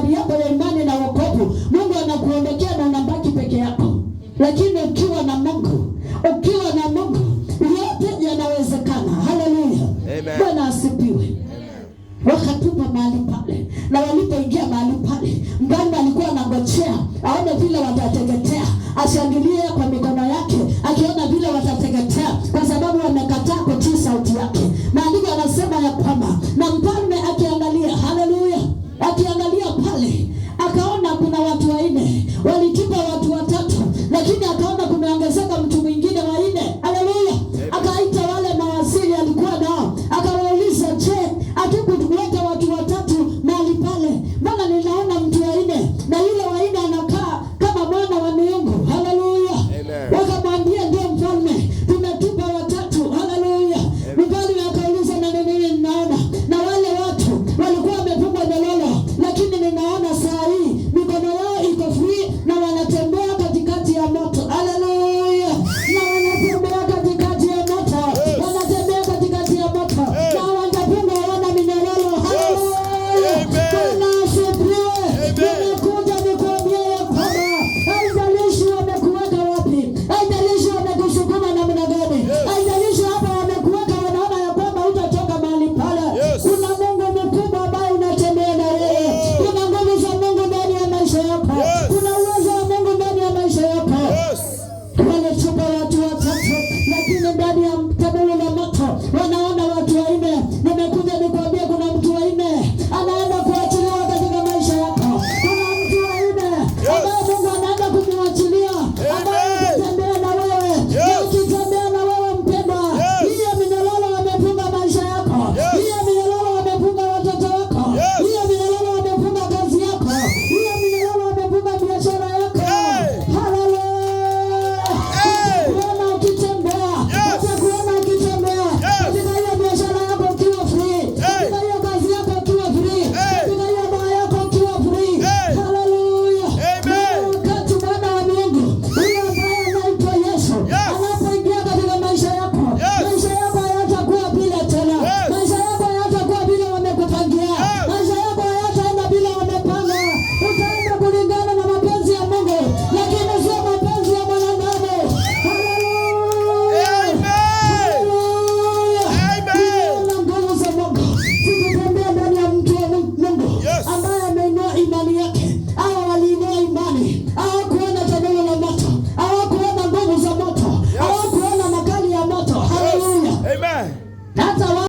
habari yako ya imani na wokovu, Mungu anakuondokea na unabaki peke yako. Lakini ukiwa na Mungu, ukiwa na Mungu yote yanawezekana. Haleluya, Bwana asipiwe. Wakatupa mahali pale, na walipoingia mahali pale, mganga alikuwa anangojea aone vile watateketea, ashangilie kwa Hallelujah